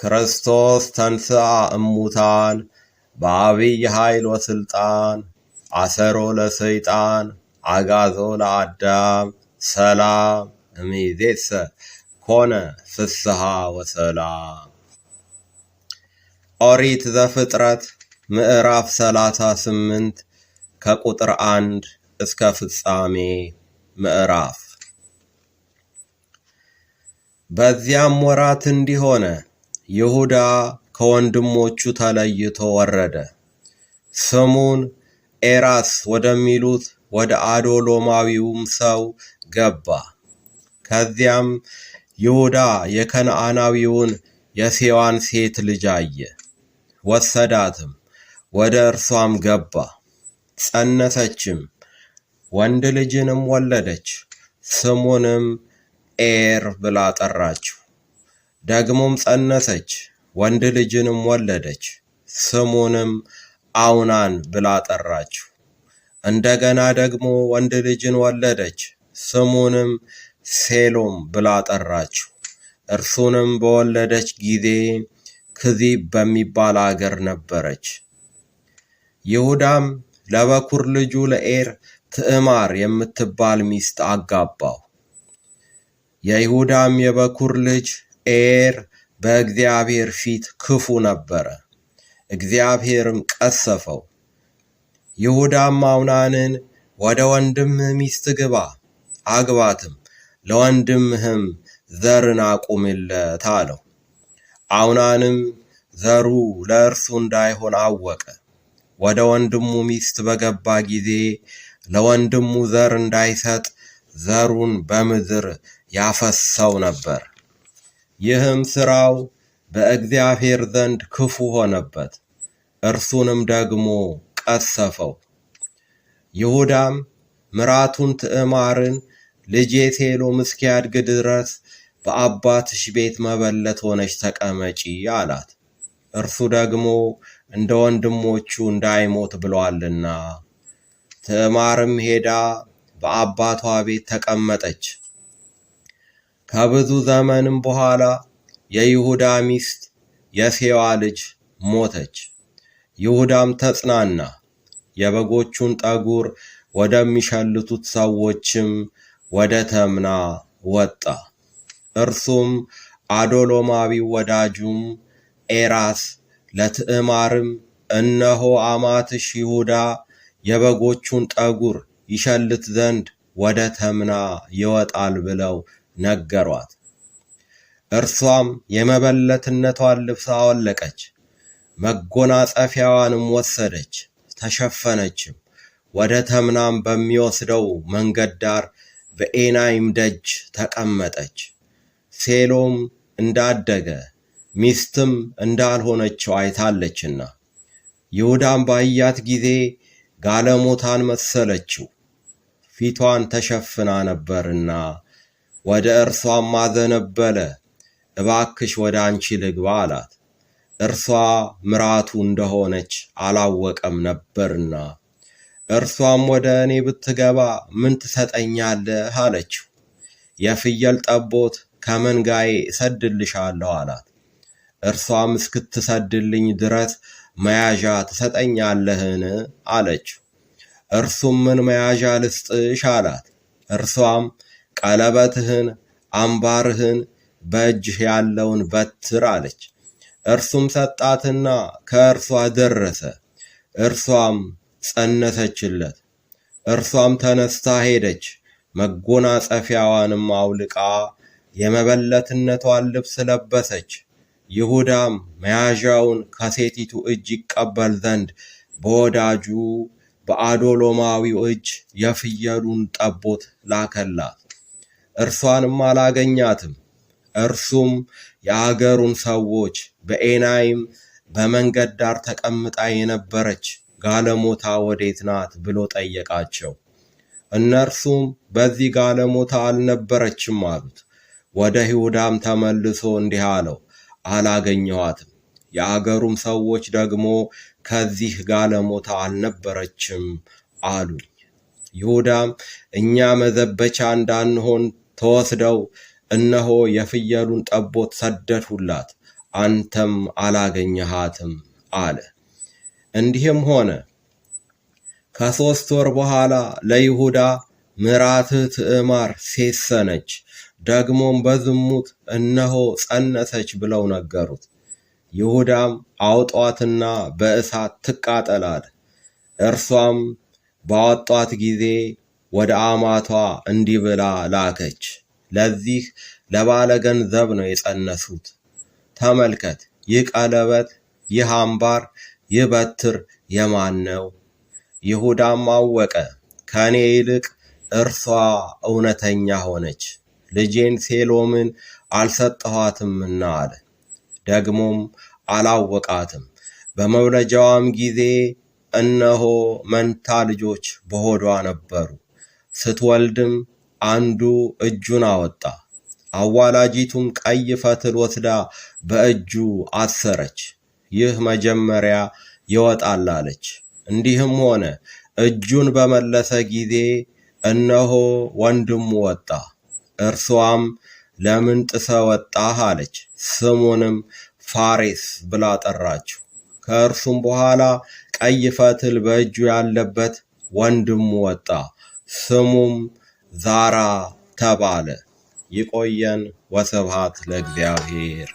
ክርስቶስ ተንሥአ እሙታን በአብይ ኃይል ወስልጣን አሰሮ ለሰይጣን አጋዞ ለአዳም ሰላም እምይእዜሰ ኮነ ፍስሐ ወሰላም። ኦሪት ዘፍጥረት ምዕራፍ ሰላሳ ስምንት ከቁጥር አንድ እስከ ፍጻሜ ምዕራፍ። በዚያም ወራት እንዲሆነ ይሁዳ ከወንድሞቹ ተለይቶ ወረደ። ስሙን ኤራስ ወደሚሉት ወደ አዶሎማዊውም ሰው ገባ። ከዚያም ይሁዳ የከነዓናዊውን የሴዋን ሴት ልጅ አየ፣ ወሰዳትም፣ ወደ እርሷም ገባ። ጸነሰችም፣ ወንድ ልጅንም ወለደች። ስሙንም ኤር ብላ ጠራችው። ደግሞም ጸነሰች፣ ወንድ ልጅንም ወለደች። ስሙንም አውናን ብላ ጠራችው። እንደገና ደግሞ ወንድ ልጅን ወለደች፣ ስሙንም ሴሎም ብላ ጠራችው። እርሱንም በወለደች ጊዜ ክዚብ በሚባል አገር ነበረች። ይሁዳም ለበኩር ልጁ ለኤር ትዕማር የምትባል ሚስት አጋባው። የይሁዳም የበኩር ልጅ ኤር በእግዚአብሔር ፊት ክፉ ነበረ፣ እግዚአብሔርም ቀሰፈው። ይሁዳም አውናንን ወደ ወንድምህ ሚስት ግባ አግባትም፣ ለወንድምህም ዘርን አቁምለት አለው። አውናንም ዘሩ ለእርሱ እንዳይሆን አወቀ። ወደ ወንድሙ ሚስት በገባ ጊዜ ለወንድሙ ዘር እንዳይሰጥ ዘሩን በምድር ያፈሰው ነበር። ይህም ሥራው በእግዚአብሔር ዘንድ ክፉ ሆነበት፣ እርሱንም ደግሞ ቀሰፈው። ይሁዳም ምራቱን ትዕማርን ልጄ ሴሎም እስኪያድግ ድረስ በአባትሽ ቤት መበለት ሆነች ተቀመጪ አላት፣ እርሱ ደግሞ እንደ ወንድሞቹ እንዳይሞት ብሏልና። ትዕማርም ሄዳ በአባቷ ቤት ተቀመጠች። ከብዙ ዘመንም በኋላ የይሁዳ ሚስት የሴዋ ልጅ ሞተች። ይሁዳም ተጽናና፣ የበጎቹን ጠጉር ወደሚሸልቱት ሰዎችም ወደ ተምና ወጣ። እርሱም አዶሎማዊ ወዳጁም ኤራስ ለትዕማርም እነሆ አማትሽ ይሁዳ የበጎቹን ጠጉር ይሸልት ዘንድ ወደ ተምና ይወጣል ብለው ነገሯት። እርሷም የመበለትነቷን ልብስ አወለቀች፣ መጎናጸፊያዋንም ወሰደች፣ ተሸፈነችም። ወደ ተምናም በሚወስደው መንገድ ዳር በኤናይም ደጅ ተቀመጠች። ሴሎም እንዳደገ ሚስትም እንዳልሆነችው አይታለችና፣ ይሁዳም ባያት ጊዜ ጋለሞታን መሰለችው፣ ፊቷን ተሸፍና ነበርና ወደ እርሷም አዘነበለ። እባክሽ ወደ አንቺ ልግባ አላት። እርሷ ምራቱ እንደሆነች አላወቀም ነበርና፣ እርሷም ወደ እኔ ብትገባ ምን ትሰጠኛለህ አለችው። የፍየል ጠቦት ከመንጋዬ እሰድልሻለሁ አላት። እርሷም እስክትሰድልኝ ድረስ መያዣ ትሰጠኛለህን አለችው። እርሱም ምን መያዣ ልስጥሽ አላት። እርሷም ቀለበትህን፣ አምባርህን፣ በእጅህ ያለውን በትር አለች። እርሱም ሰጣትና ከእርሷ ደረሰ። እርሷም ጸነሰችለት። እርሷም ተነስታ ሄደች። መጎናጸፊያዋንም አውልቃ የመበለትነቷን ልብስ ለበሰች። ይሁዳም መያዣውን ከሴቲቱ እጅ ይቀበል ዘንድ በወዳጁ በአዶሎማዊው እጅ የፍየሉን ጠቦት ላከላት። እርሷንም አላገኛትም። እርሱም የአገሩን ሰዎች በኤናይም በመንገድ ዳር ተቀምጣ የነበረች ጋለሞታ ወዴት ናት ብሎ ጠየቃቸው። እነርሱም በዚህ ጋለሞታ አልነበረችም አሉት። ወደ ይሁዳም ተመልሶ እንዲህ አለው፣ አላገኘዋትም። የአገሩም ሰዎች ደግሞ ከዚህ ጋለሞታ አልነበረችም አሉኝ። ይሁዳም እኛ መዘበቻ እንዳንሆን ተወስደው እነሆ የፍየሉን ጠቦት ሰደድሁላት፣ አንተም አላገኘሃትም አለ። እንዲህም ሆነ ከሦስት ወር በኋላ ለይሁዳ ምራትህ ትዕማር ሴሰነች፣ ደግሞም በዝሙት እነሆ ጸነሰች ብለው ነገሩት። ይሁዳም አውጧትና በእሳት ትቃጠላል። እርሷም ባወጧት ጊዜ ወደ አማቷ እንዲህ ብላ ላከች። ለዚህ ለባለ ገንዘብ ነው የጸነሱት። ተመልከት፣ ይህ ቀለበት፣ ይህ አምባር፣ ይህ በትር የማን ነው? ይሁዳም አወቀ፣ ከእኔ ይልቅ እርሷ እውነተኛ ሆነች፣ ልጄን ሴሎምን አልሰጠኋትምና አለ። ደግሞም አላወቃትም። በመውለጃዋም ጊዜ እነሆ መንታ ልጆች በሆዷ ነበሩ። ስትወልድም አንዱ እጁን አወጣ፣ አዋላጂቱም ቀይ ፈትል ወስዳ በእጁ አሰረች፣ ይህ መጀመሪያ ይወጣል አለች። እንዲህም ሆነ፣ እጁን በመለሰ ጊዜ እነሆ ወንድሙ ወጣ። እርሷም ለምን ጥሰህ ወጣህ አለች። ስሙንም ፋሬስ ብላ ጠራችው። ከእርሱም በኋላ ቀይ ፈትል በእጁ ያለበት ወንድሙ ወጣ። ስሙም ዛራ ተባለ። ይቆየን። ወስብሐት ለእግዚአብሔር።